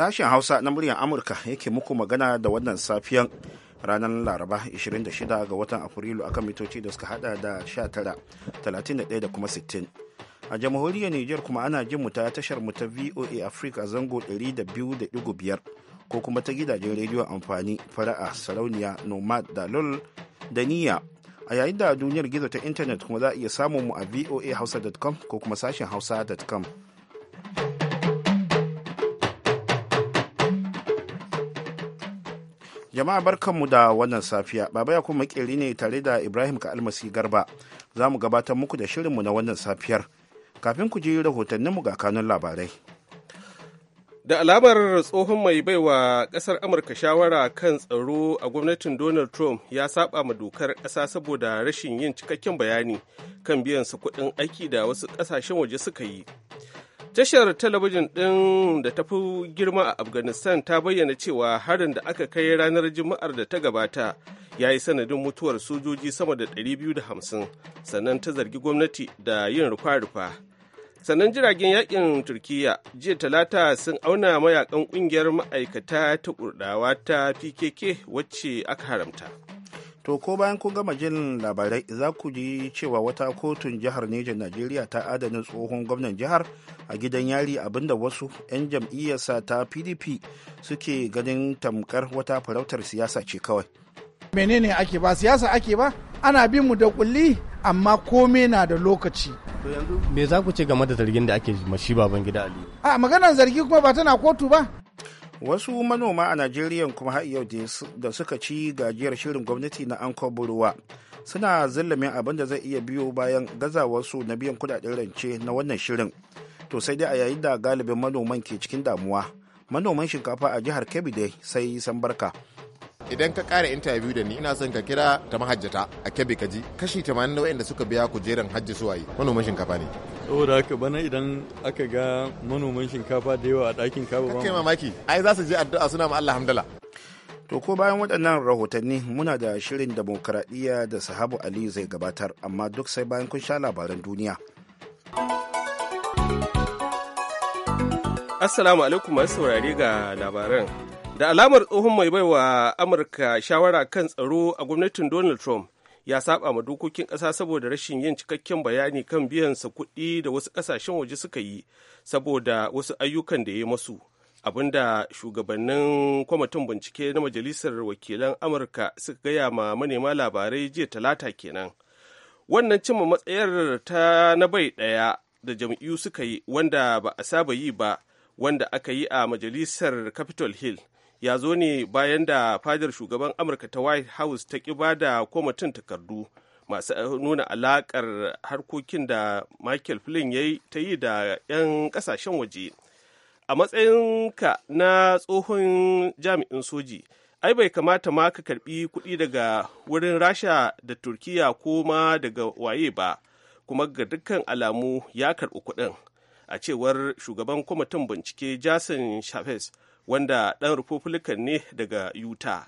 Sashen Hausa na muryar Amurka yake muku magana da wannan safiyan ranar Laraba 26 ga watan Afrilu akan mitoci da suka hada da 19.31 da kuma 60. A jamhuriyar Nijar kuma ana jin mu ta tashar mu ta VOA Africa zango 200.5 ko kuma ta gidajen rediyon amfani fara'a sarauniya nomad da lul da niyya a yayin da duniyar gizo ta intanet kuma za a iya samun mu a voahausa.com ko kuma sashen hausa.com jama'a barkanmu da wannan safiya baba ya kuma makeri ne tare da ibrahim ka almasi garba za mu gabatar muku da shirinmu na wannan safiyar kafin ku ji rahotanninmu ga kanun labarai da alamar tsohon mai baiwa kasar amurka shawara kan tsaro a gwamnatin donald trump ya saba ma dokar kasa saboda rashin yin cikakken bayani kan biyan su kuɗin aiki da wasu ƙasashen waje suka yi Tashar talabijin ɗin da ta fi girma a Afghanistan ta bayyana cewa harin da aka kai ranar Juma'ar da ta gabata ya yi sanadin mutuwar sojoji sama da 250 sannan ta zargi gwamnati da yin rufa-rufa. Sannan jiragen yakin Turkiyya jiya talata sun auna mayakan ƙungiyar ma'aikata ta kurdawa ta PKK wacce aka haramta. To ko bayan kun gama jin labarai za ku ji cewa wata kotun jihar Neja Najeriya ta adana tsohon gwamnan jihar a gidan yari abinda wasu 'yan jam'iyyarsa ta PDP suke ganin tamkar wata farautar siyasa ce kawai. Menene ake ba siyasa ake ba ana bin mu da kulli amma kome na da lokaci. Me za ku ce game da zargin da ake mashi baban gida Ali? A maganar zargi kuma ba tana kotu ba. wasu manoma a najeriya kuma har yau da suka ci gajiyar shirin gwamnati na anko buruwa suna zillamin abin da zai iya biyo bayan gazawarsu na biyan kudaden rance na wannan shirin to sai dai a yayin da galibin manoman ke cikin damuwa manoman shinkafa a jihar kebbi dai sai san barka idan ka kara interview da ni ina son ka kira ta mahajjata a kebbi kaji kashi 80 da wayanda suka biya kujeran hajji suwaye manoman shinkafa ne saboda haka bana idan aka ga manoman shinkafa da yawa a ɗakin kaba ba kai mamaki ai za su je addu'a suna ma Allah hamdala to ko bayan waɗannan rahotanni muna da shirin demokradiyya da sahabu ali zai gabatar amma duk sai bayan kun sha labaran duniya assalamu alaikum masu saurare ga labaran da alamar tsohon mai baiwa amurka shawara kan tsaro a gwamnatin donald trump ya saba ma dokokin ƙasa saboda rashin yin cikakken bayani kan biyan sa kuɗi da wasu ƙasashen waje suka yi saboda wasu ayyukan da ya yi masu abinda shugabannin kwamitin bincike na majalisar wakilan amurka suka gaya ma manema labarai jiya talata kenan wannan cimma matsayar ta na bai ɗaya da jam'iyyu suka yi wanda ba a saba yi ba wanda aka yi a majalisar capitol hill ya zo ne bayan da fadar shugaban amurka ta white house ta ƙi da kwamitin takardu masu eh, nuna alaƙar harkokin da michael flynn ya ta yi da 'yan kasashen waje a matsayinka na tsohon jami'in soji ai bai kamata ma ka karbi kuɗi daga wurin rasha da turkiya ko ma daga waye ba kuma ga dukkan alamu ya karɓi kuɗin a cewar shugaban kwamitin bincike jason chavez wanda ɗan republican ne daga utah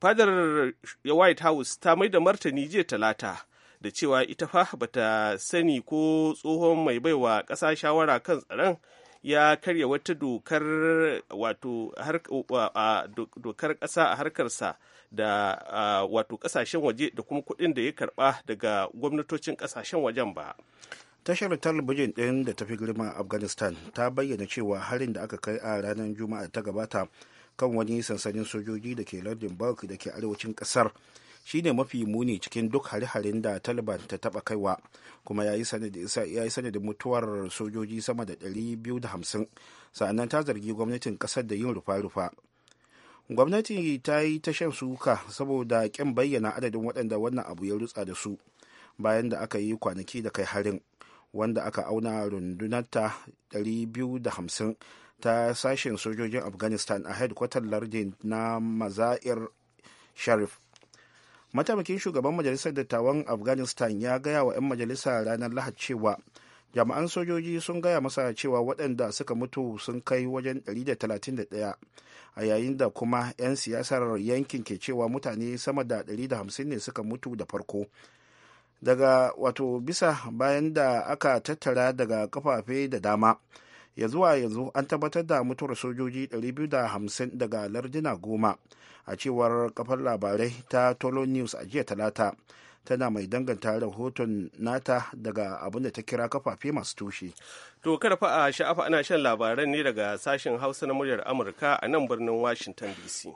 fadar white house ta mai da martani jiya talata da cewa ita fa bata sani ko tsohon mai baiwa ƙasa shawara kan tsaron ya karya wata dokar wato ƙasa a harkarsa da wato ƙasashen waje da kuma kuɗin da ya karba daga gwamnatocin ƙasashen wajen ba tashar talabijin ɗin da tafi girma a afghanistan ta bayyana cewa harin da aka kai a ranar juma'a ta gabata kan wani sansanin sojoji da ke lardin bark da ke arewacin ƙasar shine mafi muni cikin duk hare-haren da taliban ta taba kaiwa kuma ya yi sanadin mutuwar sojoji sama da 250 sa'annan ta zargi gwamnatin ƙasar da yin rufa-rufa gwamnati ta yi ta shan suka saboda kyan bayyana adadin waɗanda wannan abu ya rutsa da su bayan da aka yi kwanaki da kai harin wanda aka auna rundunar ta 250 ta sashen sojojin afghanistan a headquarter lardin na maza'ir sharif mataimakin shugaban majalisar dattawan afghanistan ya gaya wa 'yan majalisa ranar lahad cewa jami'an sojoji sun gaya masa cewa waɗanda suka mutu sun kai wajen 131 a yayin da kuma 'yan siyasar yankin ke cewa mutane sama da 150 ne suka mutu da farko daga wato bisa bayan da aka tattara daga kafafe da dama ya zuwa yanzu an tabbatar da mutuwar sojoji 250 daga lardina goma a cewar kafar labarai ta tolo news a jiya talata tana mai danganta rahoton nata daga abin da ta kira kafafe masu tushe. To kada a sha'afa ana shan labaran ne daga sashen hausa na muryar amurka a nan birnin washington dc.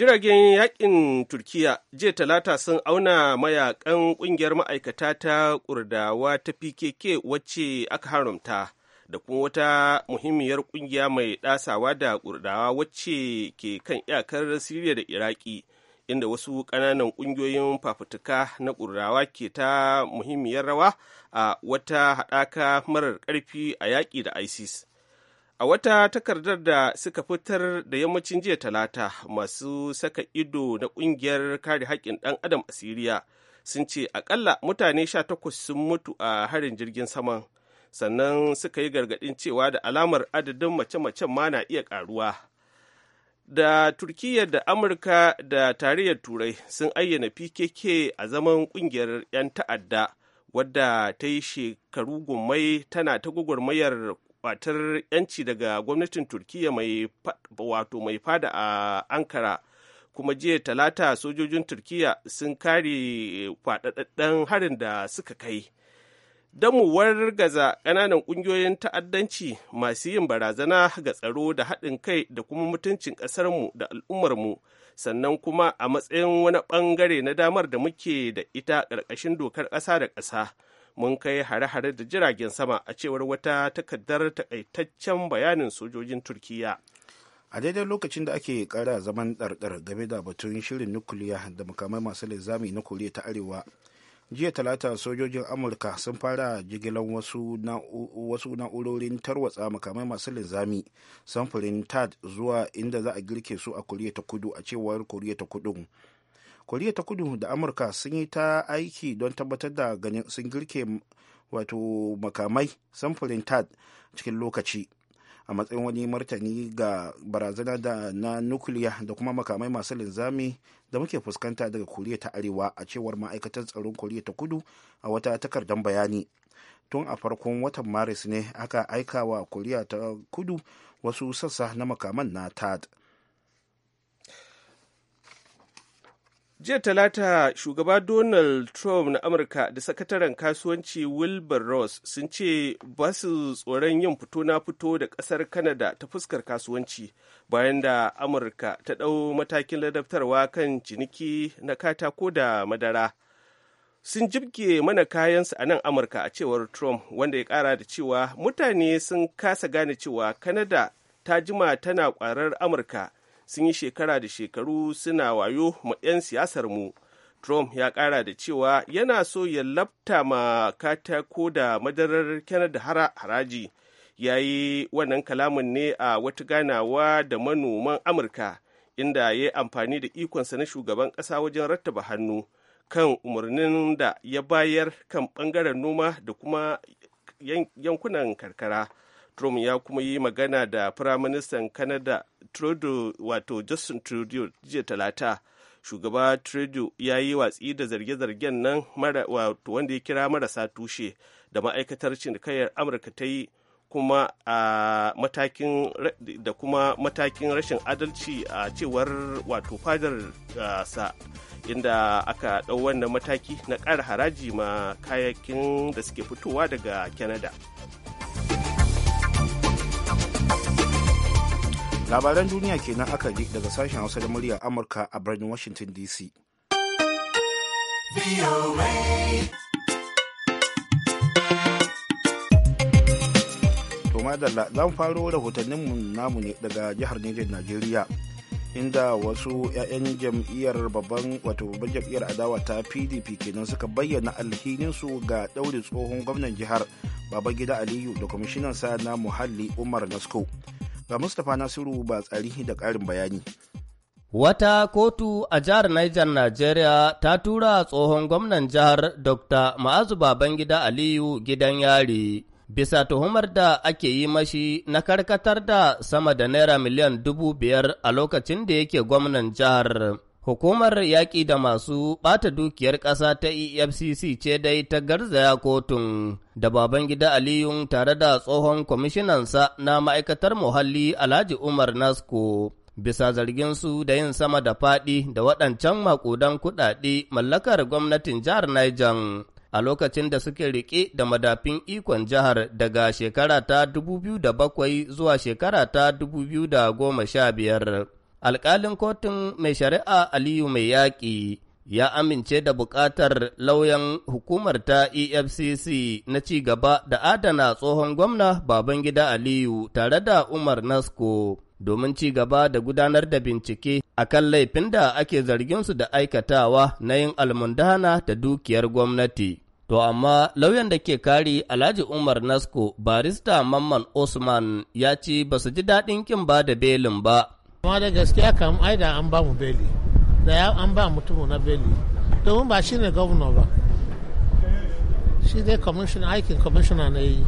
jiragen yakin turkiya jiya talata sun auna mayakan kungiyar ma'aikata ta kurdawa ta pkk wacce aka haramta da kuma wata muhimmiyar kungiya mai dasawa da kurdawa wacce ke kan iyakar siriya da iraki inda wasu ƙananan ƙungiyoyin fafutuka na kurdawa ke ta muhimmiyar rawa a wata haɗaka marar ƙarfi a yaƙi da isis A wata takardar da suka fitar da yammacin jiya talata masu saka ido na ƙungiyar kare haƙƙin ɗan adam a Siriya sun ce akalla mutane sha takwas sun mutu a harin jirgin saman sannan suka yi gargaɗin cewa da alamar adadin mace-macen ma na iya ƙaruwa. Da Turkiyya da Amurka da tarayyar Turai sun ayyana PKK a zaman ƙungiyar 'yan ta'adda wadda ta yi shekaru gummai tana ta gwagwarmayar batar yanci daga gwamnatin turkiya mai wato mai fada a ankara kuma jiya talata sojojin turkiya sun kare kwadadadden harin da suka kai damuwar gaza ƙananan ƙungiyoyin ta'addanci masu yin barazana ga tsaro da haɗin kai da kuma mutuncin ƙasarmu da al'ummarmu sannan kuma a matsayin wani ɓangare na damar da muke da ita ƙarƙashin dokar ƙasa da ƙasa mun kai hare-hare da jiragen sama a cewar wata takardar takaitaccen bayanin sojojin turkiya a daidai lokacin da ake kara zaman ɗarɗar game da batun shirin nukiliya da makamai masu linzami na koriya ta arewa jiya talata sojojin amurka sun fara jigilan wasu na'urorin tarwatsa makamai masu linzami samfurin tad zuwa inda za a girke su a koriya ta kudu a cewar koriya ta kudu koriya ta kudu da amurka sun yi ta aiki don tabbatar da ganin sun girke wato makamai samfurin tad cikin lokaci a matsayin wani martani ga barazana da na nukiliya da kuma makamai masu linzami da muke fuskanta daga koriya ta arewa a cewar ma'aikatar tsaron koriya ta kudu a wata takardar bayani tun a farkon watan maris ne aka aika wa koriya ta kudu wasu sassa na makaman na tad jiya talata shugaba donald trump na amurka da sakataren kasuwanci wilbur ross sun ce ba su tsoron yin fito na fito da kasar kanada ta fuskar kasuwanci bayan da amurka ta ɗau matakin ladabtarwa kan ciniki na katako da madara sun jibge mana kayansu a nan amurka a cewar trump wanda ya kara da cewa mutane sun kasa gane cewa kanada ta jima tana kwarar amurka sun yi shekara da shekaru suna wayo ma 'yan siyasar mu trump ya ƙara da cewa yana so ya labta ma katako da madarar canada hara haraji ya yi wannan kalamin ne a wata ganawa da manoman amurka inda ya yi amfani da ikonsa na shugaban ƙasa wajen rattaba hannu kan umarnin da ya bayar kan ɓangaren noma da kuma yankunan karkara Trump ya kuma yi magana da Firaministan Canada Trudeau wato Justin Trudeau jiya talata. Shugaba Trudeau ya yi watsi da zarge-zargen nan wato wanda ya kira marasa tushe da ma'aikatar cinikayyar Amurka ta yi kuma matakin da kuma matakin rashin adalci a cewar wato fadar sa inda aka ɗau wannan mataki na kara haraji ma kayakin da suke fitowa daga Canada. labaran duniya kenan aka ji daga sashen hausa da muryar amurka a birnin washington dc madalla zan faro rahotannin namu ne daga jihar Nijar Najeriya inda wasu 'ya'yan jam'iyyar babban wato babban jam'iyyar adawa ta PDP kenan suka bayyana alhininsu ga ɗaure tsohon gwamnan jihar Babangida Aliyu da kwamishinansa na muhalli Umar Nasko Ga Mustapha Nasiru ba tsari da ƙarin bayani. Wata kotu a jihar Niger Najeriya ta tura tsohon gwamnan jihar Dr. Ma'azu Babangida Aliyu gidan yari bisa tuhumar da ake yi mashi na karkatar da sama da naira miliyan dubu biyar a lokacin da yake gwamnan jihar. Hukumar yaƙi da masu ɓata dukiyar ƙasa ta EFCC ce dai ta garzaya kotun da Babangida aliyu tare da tsohon kwamishinansa na ma'aikatar muhalli Alhaji Umar Nasko. Bisa zargin su da yin sama da faɗi da waɗancan maƙudan kuɗaɗe mallakar gwamnatin jihar Niger a lokacin da suke riƙe da madafin ikon jihar daga shekara ta 2007 zuwa shekara ta 2015. alƙalin kotun mai shari'a Aliyu mai yaƙi ya amince da buƙatar lauyan hukumar ta EFCC na ci gaba da adana tsohon gwamna Babangida Aliyu tare da Umar Nasko domin ci gaba da gudanar da bincike a kan laifin da ake zargin su da aikatawa na yin almundana da dukiyar gwamnati. To amma lauyan da ke kari Alhaji Umar Nasko barista Mamman Osman ya ce ba su ji daɗin kin ba da belin ba. amma da gaskiya kam ai da an ba mu beli da ya an ba mutumu na beli domin ba shine gwamna ba shi dai aikin kwamishina na yi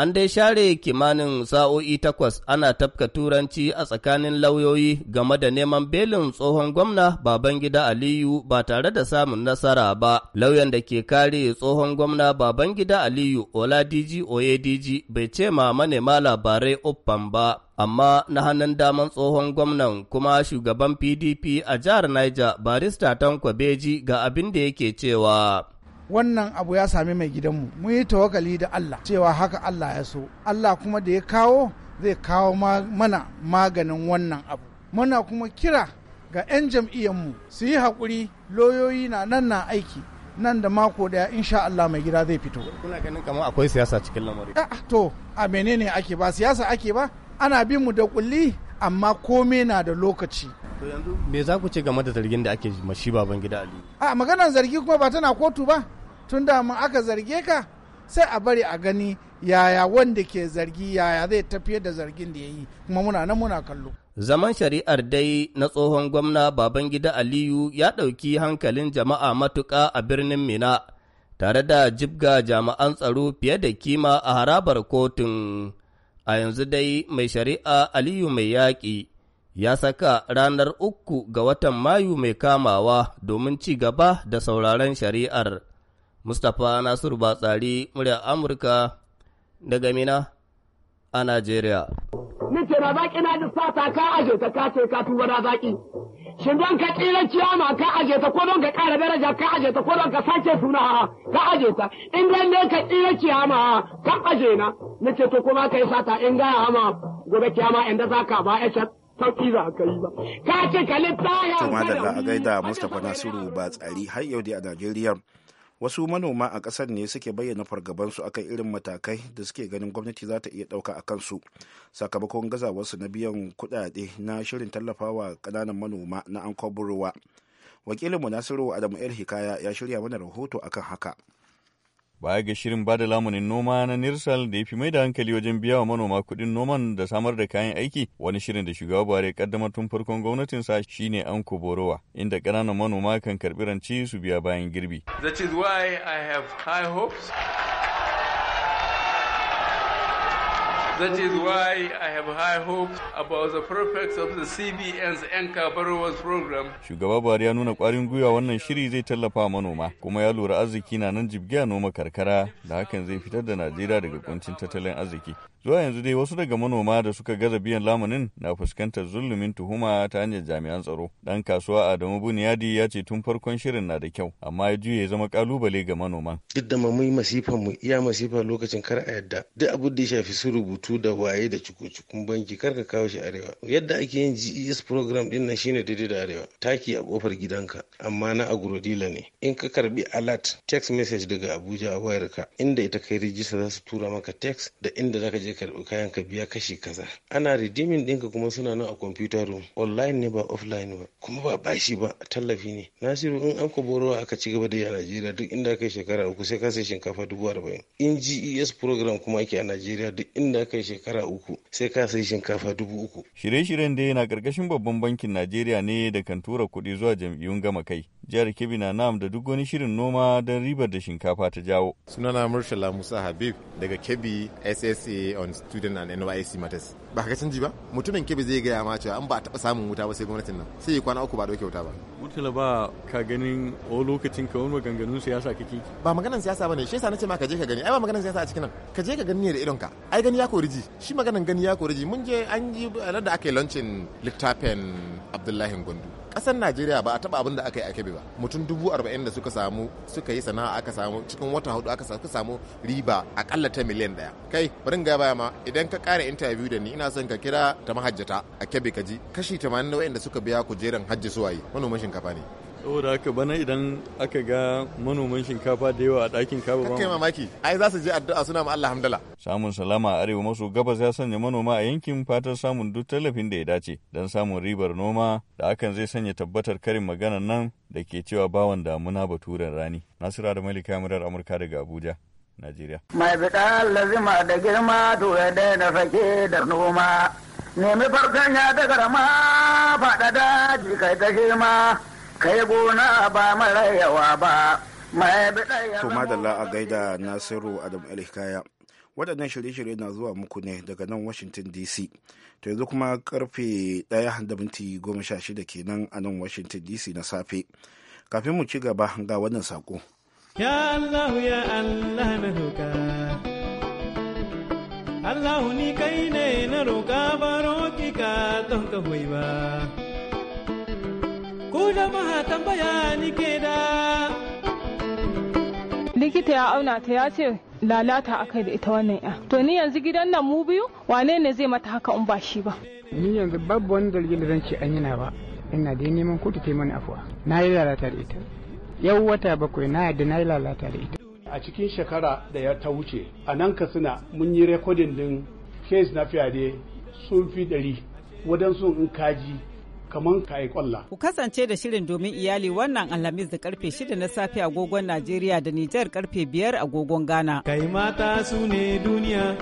An dai share kimanin sa'o'i takwas ana tafka turanci a tsakanin lauyoyi game da neman belin tsohon gwamna Babangida Aliyu ba tare da samun nasara ba. Lauyan da ke kare tsohon gwamna Babangida Aliyu Oladiji Oyediji bai ce ma manema labarai uffan ba. amma na hannun daman tsohon gwamnan kuma shugaban PDP a jihar Niger barista Tankwa Beji ga abin da yake cewa. wannan abu ya sami mai gidanmu mu yi tawakali da Allah cewa haka Allah ya so Allah kuma da ya kawo zai kawo mana maganin wannan abu muna kuma kira ga 'yan jam'iyyarmu su yi haƙuri loyoyi na nan na aiki nan da mako daya insha Allah mai gida zai fito kuna ganin kamar akwai siyasa cikin lamari a ah, to a menene ake ba siyasa ake ba ana bin mu da kulli amma kome na da lokaci to yanzu me za ku ce game da zargin da ake mashi baban gida Ali a ah, maganar zargi kuma ba tana kotu ba tun da mun aka zarge ka sai a bari a gani yaya wanda ke zargi yaya zai tafiyar da zargin da ya yi kuma muna nan muna kallo Zaman shari'ar dai na tsohon gwamna Babangida Aliyu ya ɗauki hankalin jama'a matuƙa a birnin Mina, tare da jibga jami'an tsaro fiye da kima a harabar kotun. A yanzu dai mai shari'a Aliyu mai yaƙi ya saka ranar uku ga watan Mayu mai kamawa domin ci gaba da sauraron shari'ar. Mustapha Nasiru Batsari murya Amurka daga Mina a Najeriya. Ni ce na zaki na ka aje ta ka ce ka tuba Shin don ka tsira ciyama ka aje ta ko don ka ƙara daraja ka aje ta ko don ka sace suna ka aje ta. In don ne ka tsira ciyama ka aje na. Ni to kuma ka yi sata in gaya ma gobe ciyama inda za ka ba ya sauki za ka yi ba. Ka ce ka littaya. Tuma Tumadala a gaida Mustapha Nasiru ba tsari har yau da a Najeriya. wasu manoma a ƙasar ne suke bayyana fargabansu akan irin matakai da suke ganin gwamnati za ta iya ɗauka a kansu sakamakon gazawarsu na biyan kuɗaɗe na shirin tallafawa ƙananan manoma na an wakilin wakilinmu nasiru adamu el hikaya ya shirya mana rahoto akan haka baya ga shirin bada lamunin noma na nirsal da ya fi mai da hankali wajen biya wa manoma kuɗin noman da samar da kayan aiki wani shirin da shugaba buhari ya kaddamar tun farkon sa shine anko borowa inda ƙananan manoma kan karɓi rance su biya bayan girbi that is why i have high hopes That is why I have high hope about the prospects of the CBN's Anchor Borrowers Program. Shugaba Buhari ya nuna kwarin gwiwa wannan shiri zai tallafa manoma kuma ya lura arziki na nan jibgiya noma karkara da hakan zai fitar da Najeriya daga kuncin tattalin arziki. Zuwa yanzu dai wasu daga manoma da suka gaza biyan lamunin na fuskantar zulumin tuhuma ta hanyar jami'an tsaro. Dan kasuwa Adamu Buniyadi ya ce tun farkon shirin na da kyau, amma ya juye zama kalubale ga manoman. Duk da mamu masifan mu iya masifa lokacin kar a yadda. Duk abin da ya shafi su rubutu da waye da cuku banki kar ka kawo shi arewa. Yadda ake yin GES program din nan shine daidai da arewa. Taki a kofar gidanka amma na agrodila ne. In ka karbi alert text message daga Abuja a wayarka inda ita kai rijista za su tura maka text da inda zaka je je karɓi kayan ka biya kashi kaza ana redeeming ɗinka kuma suna nan a computer room online ne ba offline ba kuma ba bashi ba tallafi ne nasiru in an ku borowa aka ci gaba da yi a najeriya duk inda kai shekara uku sai ka sai shinkafa dubu arba'in in ges program kuma ake a najeriya duk inda kai shekara uku sai ka sai shinkafa dubu uku shirye-shiryen da yana karkashin babban bankin najeriya ne da kan tura kuɗi zuwa jam'iyyun gama kai jihar kebbi na nam da duk wani shirin noma don ribar da shinkafa ta jawo sunana murtala musa habib daga kebbi ssa on student and NYSC matters ba ka canji ba mutumin ke zai gaya ma cewa an ba taɓa samun wuta ba sai gwamnatin nan sai yi kwana uku ba dauke wuta ba mutula ba ka ganin o lokacin ka wani maganganun siyasa kake ba maganan siyasa bane shi yasa nace ma ka je ka gani ai ba maganan siyasa a cikin nan ka je ka gani ne da idonka ai gani ya koriji shi maganan gani ya koriji mun je an yi da aka yi launching littafin Abdullahi Gondu kasar najeriya ba a taba abin da aka yi a kebe ba mutum dubu arba'in da suka samu suka yi sana'a aka samu cikin wata hudu aka samu riba akalla ta miliyan ɗaya kai bari ga baya ma idan ka ƙara interview da ni ina son ka kira ta mahajjata a kebe ka ji kashi tamanin da waɗanda suka biya kujeran hajji suwaye manomin shinkafa ne saboda haka bana idan aka ga manoman shinkafa da yawa a ɗakin kaba ba mamaki ai za su je addu'a suna ma Allah hamdala samun salama a arewa maso gabas ya sanya manoma a yankin fatan samun duk tallafin da ya dace don samun ribar noma da hakan zai sanya tabbatar karin maganar nan da ke cewa bawan damuna baturen rani nasira da malika murar amurka daga abuja najeriya mai fiɗa lazima da girma to ya daina sake da noma nemi farkon ya da garma faɗa da kai ta girma kai gona ba mara yawa ba mai biɗa to madalla a gaida nasiru adam alhikaya waɗannan shirye-shirye na zuwa muku ne daga nan washington dc to yanzu kuma karfe ɗaya da minti goma sha shida kenan a nan washington dc na safe kafin mu ci gaba ga wannan saƙo ya allahu ya allah na roƙa allahu ni kai ne na roƙa baro ki ka don ka ba ku jama'a tambaya ni ke da. Likita ya auna ta ya ce lalata aka da ita wannan ya. To ni yanzu gidan nan mu biyu wane ne zai mata haka in ba shi ba. Ni yanzu babu wani dalilin da zan ce an yana ba. Ina dai neman kotu ta mana afuwa. Na yi lalata da ita. Yau wata bakwai na yadda na yi lalata da ita. A cikin shekara da ya ta wuce a nan Katsina mun yi rekodin din kes na fiyade sun fi ɗari wadansu in kaji kamar ka yi kwalla. Ku kasance da shirin domin iyali wannan Alhamis da karfe 6 na safe agogon Najeriya da Nijar karfe 5 agogon Ghana. Kai mata su ne duniya,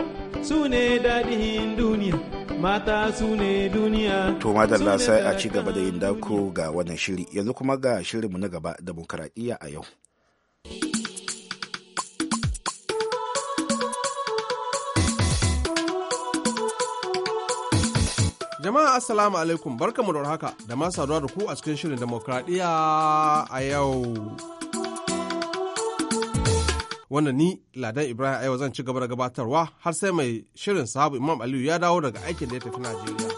su ne daɗin duniya. Mata su ne duniya. To madalla sai a ci gaba da yin dako ga wannan shiri yanzu kuma ga shirinmu na gaba da a yau. Jama'a Assalamu alaikum barkamu da haka da ma saduwa da ku a cikin shirin demokradiyya a yau. Wanda ni Ladan Ibrahim a zan ci gaba da gabatarwa har sai mai shirin sahabu Imam Aliyu ya dawo daga aikin da ya tafi Najeriya.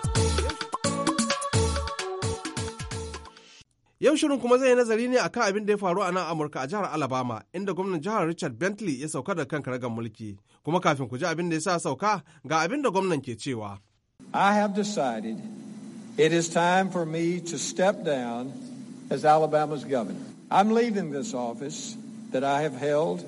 Yau shirin kuma zai yi nazari ne akan abin da ya faru a nan Amurka a jihar Alabama inda gwamnan jihar Richard Bentley ya sauka da kan karagar mulki. Kuma kafin ku ji abin da ya sa sauka ga abin da gwamnan ke cewa. I have decided it is time for me to step down as Alabama's governor. I'm leaving this office that I have held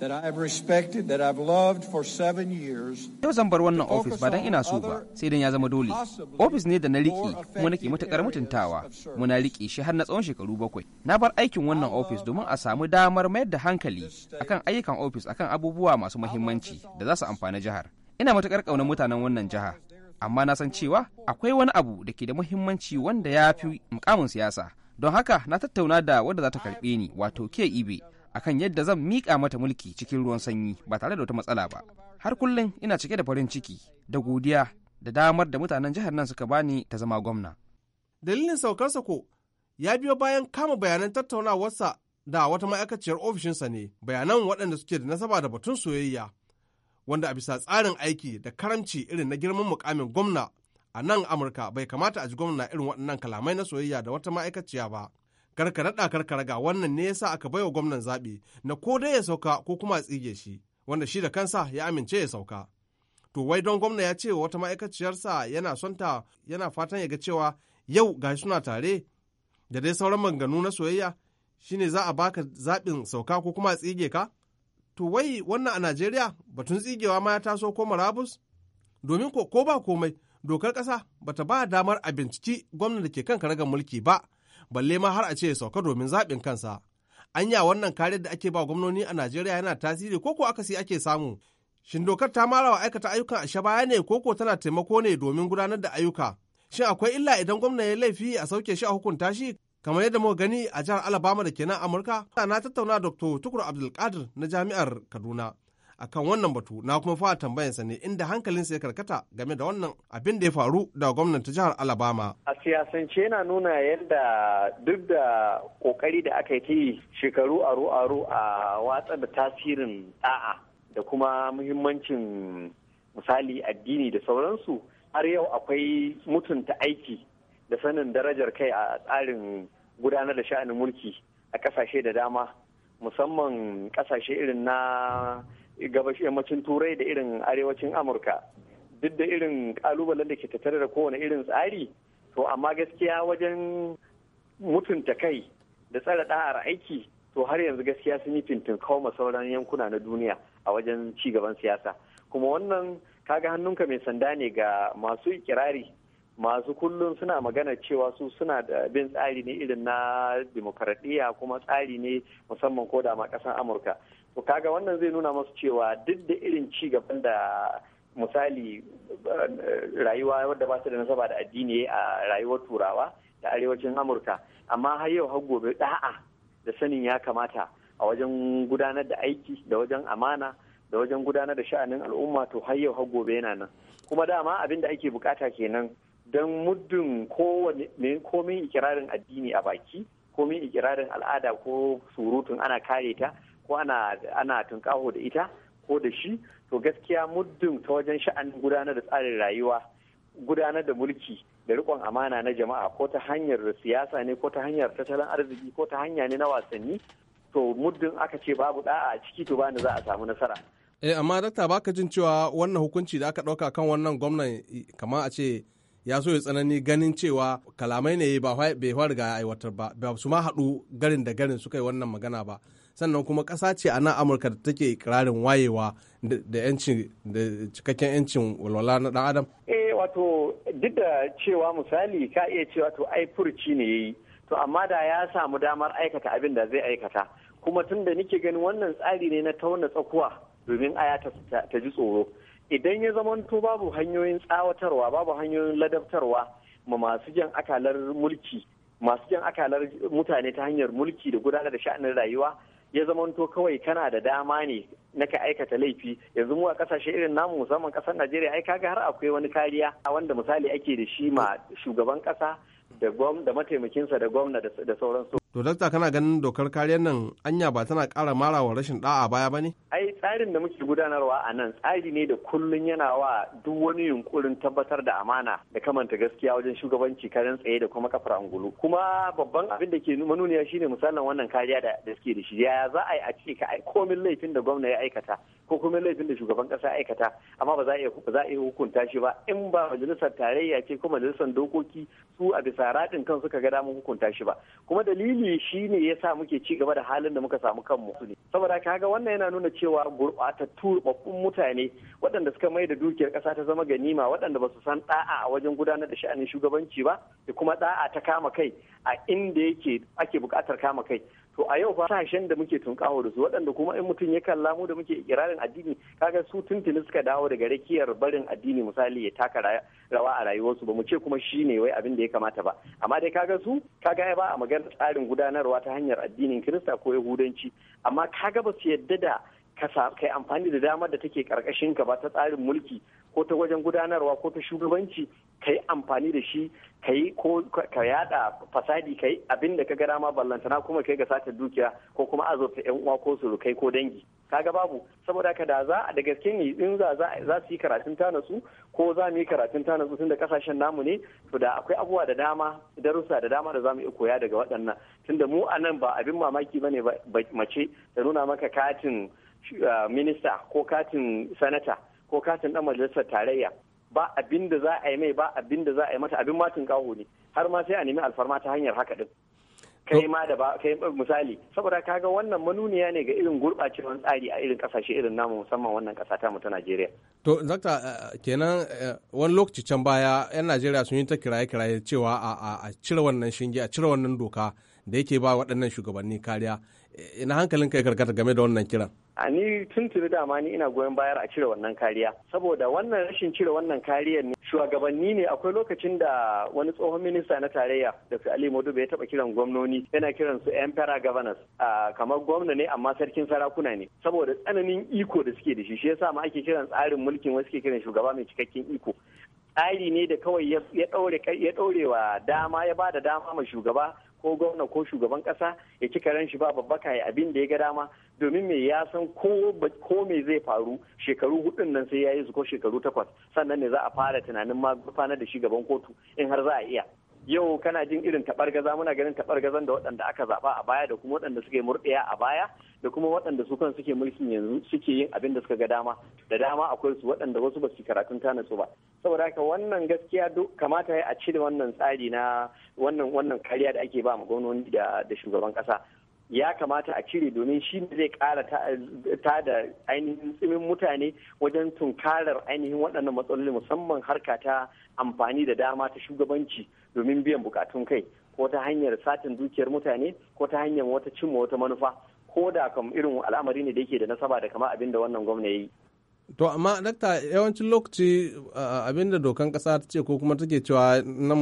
that I have respected, that I've loved for seven years. Yau zan bar wannan ofis ba don ina so ba, sai dan ya zama dole. Ofis ne da na riƙe kuma nake matuƙar mutuntawa, muna riƙe shi har na tsawon shekaru bakwai. Na bar aikin wannan ofis domin a samu damar mayar da hankali akan ayyukan ofis akan abubuwa masu muhimmanci da za su amfani jihar. Ina matuƙar ƙaunar mutanen wannan jiha, amma na san cewa akwai wani abu da ke da muhimmanci wanda ya fi mukamin siyasa don haka na tattauna da wadda za ta karɓe ni wato ke ibe akan yadda zan miƙa mata mulki cikin ruwan sanyi ba tare da wata matsala ba har kullum ina cike da farin ciki da godiya da damar da mutanen jihar nan suka bani ta zama gwamna dalilin saukarsa ko ya biyo bayan kama bayanan tattaunawarsa da wata ma'aikaciyar ofishinsa ne bayanan waɗanda suke da nasaba da batun soyayya wanda a bisa tsarin aiki da karamci irin na girman mukamin gwamna a nan amurka bai kamata a ji gwamna irin waɗannan kalamai na soyayya da wata ma'aikaciya ba karka da karka raga wannan ne yasa aka bai wa gwamnan zaɓi na ko dai ya sauka ko kuma a tsige shi wanda shi da kansa ya amince ya sauka to wai don gwamna ya ce wata ma'aikaciyarsa yana son yana fatan ya ga cewa yau ga suna tare da dai sauran manganu na soyayya shine za a baka zaɓin sauka ko kuma a tsige ka to wai wannan a Najeriya batun tsigewa ma ya taso ko marabus? Domin ko ko ba komai dokar ƙasa bata ba damar a binciki gwamnan da ke kan karagar mulki ba, balle ma har a ce ya sauka domin zaɓin kansa. Anya wannan kariyar da ake ba gwamnoni a Najeriya yana tasiri ko aka akasi ake samu. Shin dokar ta marawa wa aikata ayyukan a baya ne ko ko tana taimako ne domin gudanar da ayyuka? Shin akwai illa idan gwamna ya laifi a sauke shi a hukunta shi kamar yadda muka gani a jihar alabama da ke nan amurka na tattauna dr tukur abdulkadir na jami'ar kaduna akan wannan batu na kuma fara sa ne inda sa ya karkata game da wannan abin da ya faru da gwamnatin jihar alabama a siyasance yana nuna yadda duk da kokari da aka yi shekaru aro aro a watsa da tasirin da'a da kuma muhimmancin misali addini da sauransu har yau akwai mutunta aiki da sanin darajar kai a tsarin gudanar da sha'anin mulki a kasashe da dama musamman kasashe irin na gabashi yammacin turai da irin arewacin amurka duk da irin kalubalen da ke tattare da kowane irin tsari to amma gaskiya wajen mutunta kai da tsare da'ar aiki to har yanzu gaskiya sun yi fintin kawo sauran yankuna na duniya a wajen ci gaban siyasa kuma wannan kaga hannunka mai sanda ne ga masu ikirari masu kullum suna magana cewa su suna da bin tsari ne irin na demokaradiyya kuma tsari ne musamman ko da ma kasan amurka to kaga wannan zai nuna masu cewa duk da irin ci gaban da misali eh, rayuwa wadda ba su da nasaba da addini a rayuwar turawa da arewacin amurka amma har yau har gobe da'a da sanin ya kamata a wajen gudanar da aiki da wajen amana da wajen gudanar da sha'anin al'umma to har yau har gobe yana nan kuma dama abin da ake bukata kenan don muddin kowane komin ikirarin addini a baki komin ikirarin al'ada ko surutun ana kare ta ko ana tunkaho da ita ko da shi to gaskiya muddin ta wajen sha'anin gudanar da tsarin rayuwa gudanar da mulki da rikon amana na jama'a ko ta hanyar siyasa ne ko ta hanyar tattalin arziki ko ta hanya ne na wasanni to muddin aka ce babu da'a a ciki to bani za a samu nasara eh amma dakta baka jin cewa wannan hukunci da aka ɗauka kan wannan gwamnan kamar a ce ya so ya tsanani ganin cewa kalamai ne ba bai riga ga aiwatar ba ba su ma haɗu garin da garin suka yi wannan magana ba sannan kuma ƙasa ce a nan amurka da take ikirarin wayewa da yancin da cikakken yancin walwala na ɗan adam eh wato duk da cewa misali ka iya cewa to ai furci ne yayi to amma da ya samu damar aikata abin da zai aikata kuma tun da nike ganin wannan tsari ne na tauna tsakuwa domin aya ta ji tsoro idan ya zamanto babu hanyoyin tsawatarwa babu hanyoyin ladabtarwa ma masu jan akalar mulki masu jan akalar mutane ta hanyar mulki da gudanar da sha'anin rayuwa ya zamanto kawai kana da dama ne na ka aikata laifi yanzu mu a kasashe irin namu musamman kasar Najeriya ai kaga har akwai wani kariya a wanda misali ake da shi ma shugaban kasa da mataimakinsa da gwamna da sauransu To dakta kana ganin dokar kariyar nan anya ba tana kara mara wa rashin da'a baya ba ne? Ai tsarin da muke gudanarwa a nan tsari ne da kullun yana wa duk wani yunkurin tabbatar da amana da kamanta gaskiya wajen shugabanci karen tsaye da kuma kafar angulu. Kuma babban abin da ke manuniya shine misalin wannan kariya da suke da shi. ya za a yi a ce ka ai komin laifin da gwamna ya aikata ko kuma laifin da shugaban ƙasa ya aikata amma ba za a iya hukunta shi ba in ba majalisar tarayya ce ko majalisar dokoki su a bisa raɗin kan suka ga damar hukunta shi ba. Kuma dalili ne shi ne ya sa muke ci gaba da halin da muka samu kanmu ne saboda ka ga wannan yana nuna cewa gurɓatattu babbun mutane waɗanda suka mai da dukiyar ƙasa ta zama ganima waɗanda ba su san ɗa'a a wajen gudanar da sha'anin shugabanci ba da kuma ɗa'a ta kama kai a inda yake ake buƙatar kama kai to a yau ba sashen da muke tunkawo da su waɗanda kuma in mutum ya kalla mu da muke ikirarin addini kaga su tuntuni suka dawo daga rakiyar barin addini misali ya taka rawa a rayuwarsu ba mu ce kuma shi ne wai abin da ya kamata ba amma dai kaga su kaga ya ba a magana tsarin gudanarwa ta hanyar addinin kirista ko yahudanci amma kaga ba su yadda da ka kai amfani da damar da take karkashin ka ba ta tsarin mulki ko ta wajen gudanarwa ko ta shugabanci ka yi amfani da shi ka yi ko ka yada fasadi ka yi abin da ka ga dama ballantana kuma kai ga satar dukiya ko kuma azurta yan uwa ko surukai ko dangi kaga babu saboda ka da za da gaske ne in za za su yi karatun tana su ko za mu yi karatun tana tun da kasashen namu ne to da akwai abubuwa da dama darussa da dama da za mu iya koya daga waɗannan tunda mu a nan ba abin mamaki ba ne mace da nuna maka katin ah, minista ko katin sanata ko katin ɗan majalisar tarayya ba abin da za a yi mai ba abin da za a yi mata abin matin kaho ne har ma sai a nemi alfarma ta hanyar haka din kai ma da ba kai misali saboda kaga wannan manuniya ne ga irin gurɓacewar tsari a irin kasashe irin namu musamman wannan ƙasa ta mu ta Najeriya to zakta eh, eh, kenan eh, wani lokaci can baya yan Najeriya sun yi ta kiraye kiraye cewa a cire wannan shinge a cire wannan doka da yake ba waɗannan shugabanni kariya ina hankalin kai karkata game da wannan kiran a ni tuntuni dama ni ina goyon bayar a cire wannan kariya saboda wannan rashin cire wannan kariyar ne shugabanni ne akwai lokacin da wani tsohon minista na tarayya da su ali modu ya taba kiran gwamnoni yana kiran su emperor governors kamar gwamna ne amma sarkin sarakuna ne saboda tsananin iko da suke da shi shi yasa ma ake kiran tsarin mulkin wasu ke kiran shugaba mai cikakken iko tsari ne da kawai ya ɗaure wa dama ya ba da dama ma shugaba ko gwamna ko shugaban kasa ya ci karen shi ba babba kai abin da ya ga dama domin me ya san ko me zai faru shekaru hudun nan sai ya yi su ko shekaru takwas sannan ne za a fara tunanin ma gudanar da shi gaban kotu in har za a iya yau kana jin irin tabar gaza muna ganin tabar gazan da waɗanda aka zaɓa a baya da kuma waɗanda suke murɗiya a baya da kuma waɗanda su kan suke mulkin yanzu suke yin abin da suka ga dama da dama akwai su waɗanda wasu ba su karatun tana su ba saboda haka wannan gaskiya kamata ya a cire wannan tsari na wannan wannan kariya da ake ba ma gwamnoni da da shugaban kasa ya kamata a cire domin shi ne zai kara ta da ainihin tsimin mutane wajen tunkarar ainihin waɗannan matsaloli musamman harka ta amfani da dama ta shugabanci domin biyan bukatun kai ko ta hanyar satin dukiyar mutane ko ta hanyar wata cimma wata manufa ko da kam irin al'amari ne da yake da nasaba da kama abin da wannan gwamna yi. To amma dakta yawancin lokaci abin da dokan kasa ta ce ko kuma take cewa na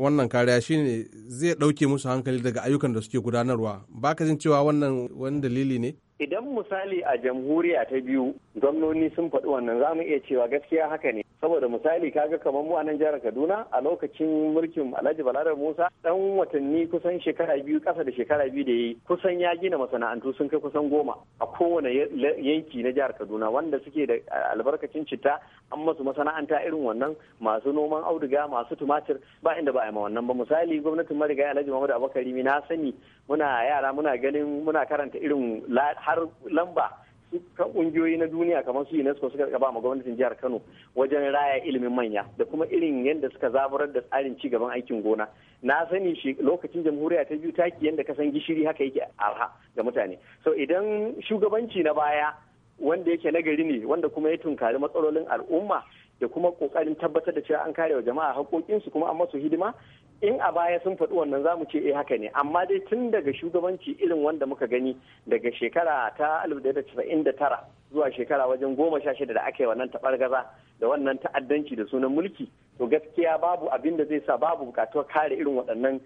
wannan kariya shine zai ɗauke musu hankali daga ayyukan da suke gudanarwa ba ka jin cewa wannan wani dalili ne? Idan misali a jamhuriya ta biyu gwamnoni sun faɗi wannan za mu iya cewa gaskiya haka ne saboda misali kaga kamar mu a nan jihar Kaduna a lokacin mulkin Alhaji da Musa dan watanni kusan shekara biyu kasa da shekara biyu da yi kusan ya gina masana'antu sun kai kusan goma a kowane yanki na jihar Kaduna wanda suke da albarkacin citta an masu masana'anta irin wannan masu noman auduga masu tumatir ba inda ba a ma wannan ba misali gwamnatin marigayi Alhaji Muhammadu Abubakar na sani muna yara muna ganin muna karanta irin har lamba kungiyoyi na duniya kamar su UNESCO suka ba ma gwamnatin jihar Kano wajen raya ilimin manya da kuma irin yadda suka zaburar da tsarin ci gaban aikin gona na sani shi lokacin jamhuriya ta biyu taki yadda ka san gishiri haka yake arha ga mutane so idan shugabanci na baya wanda yake nagari ne wanda kuma ya tunkari matsalolin al'umma da kuma kokarin tabbatar da cewa an kare wa jama'a haƙoƙinsu kuma an masu hidima in a baya sun faɗi wannan za mu ce eh haka ne amma dai tun daga shugabanci irin wanda muka gani daga shekara ta 1999 zuwa shekara wajen goma sha shida da aka yi wannan gaza da wannan ta'addanci da sunan mulki to gaskiya babu abin da zai sa babu buƙatuwar kare irin waɗannan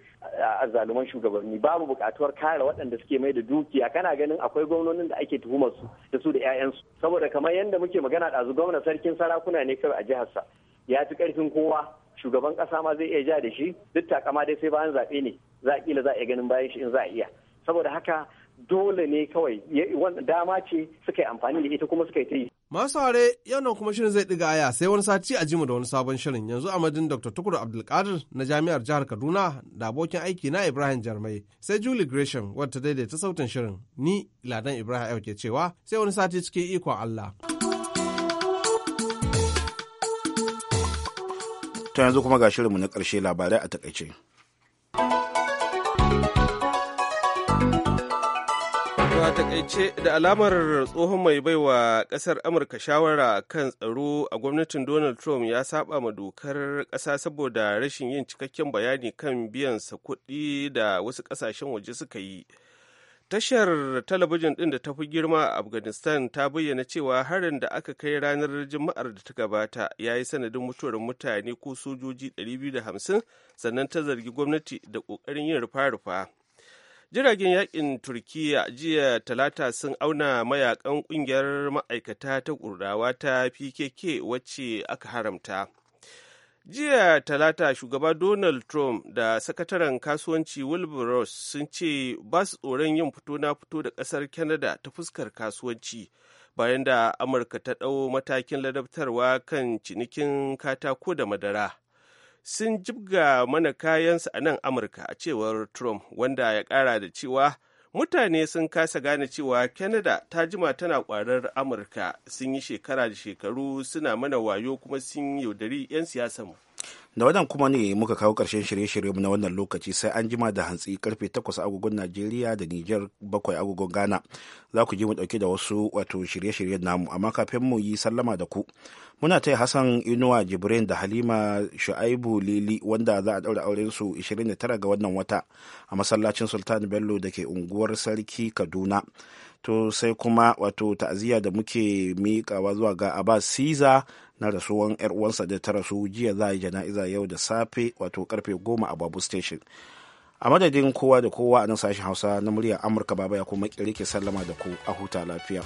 azzaluman shugabanni babu buƙatuwar kare waɗanda suke mai da dukiya kana ganin akwai gwamnonin da ake tuhumar su da su da 'ya'yansu saboda kamar yadda muke magana ɗazu gwamna sarkin sarakuna ne kawai a jihar sa ya fi ƙarfin kowa shugaban kasa ma zai iya ja da shi duk takama dai sai bayan zaɓe ne za a kila za a ganin bayan shi in za a iya saboda haka dole ne kawai dama ce suka yi amfani da ita kuma suka yi ta yi. Masu hare yau nan kuma shirin zai ɗiga aya sai wani sati a jimu da wani sabon shirin yanzu a madin Dr. tukuru Abdulkadir na Jami'ar Jihar Kaduna da abokin aiki na Ibrahim Jarmai sai Julie Gresham wadda daidaita sautin shirin ni Ladan Ibrahim yau ke cewa sai wani sati cikin ikon Allah. ta yanzu kuma ga shirinmu na ƙarshe labarai a takaice. a takaice da alamar tsohon mai baiwa ƙasar amurka shawara kan tsaro a gwamnatin donald trump ya saba ma dokar kasa saboda rashin yin cikakken bayani kan biyan sa kuɗi da wasu ƙasashen waje suka yi Tashar talabijin ɗin da ta fi girma a Afghanistan ta bayyana cewa harin da aka kai ranar Juma'ar da ta gabata ya yi sanadin mutuwar mutane ko sojoji 250 sannan ta zargi gwamnati da ƙoƙarin yin rufa-rufa. Jiragen yakin Turkiyya jiya talata sun auna mayakan ƙungiyar ma'aikata ta ƙurdawa ta PKK wacce aka haramta. jiya talata shugaba donald trump da sakataren kasuwanci wilbur ross sun ce ba su tsoron yin fito na fito da kasar canada ta fuskar kasuwanci bayan da amurka ta ɗau matakin ladabtarwa kan cinikin katako da madara sun jibga mana kayansu a nan amurka a cewar trump wanda ya ƙara da cewa mutane sun kasa gane cewa canada ta jima tana kwarar amurka sun yi shekara da shekaru suna mana wayo kuma sun yaudari 'yan siyasanmu da wannan kuma ne muka kawo ƙarshen shirye shiryenmu na wannan lokaci sai an jima da hantsi karfe 8 agogon najeriya da niger 7 agogon ghana za ku ji mu ɗauke da wasu wato shirye-shiryen namu amma kafin mu yi sallama da ku muna taya hassan inuwa jibrin da halima shu'aibu lili wanda za a ɗaura auren su 29 ga wannan wata a masallacin sultan bello da ke unguwar sarki kaduna to sai kuma wato ta'aziyya da muke miƙawa zuwa ga abbas caesar. na rasuwan 'yar uwansa da ta rasu jiya za a yi jana'iza yau da safe wato karfe goma a babu station a madadin kowa da kowa a nan sashen hausa na murya amurka baba ya kuma kirke sallama da ku a huta lafiya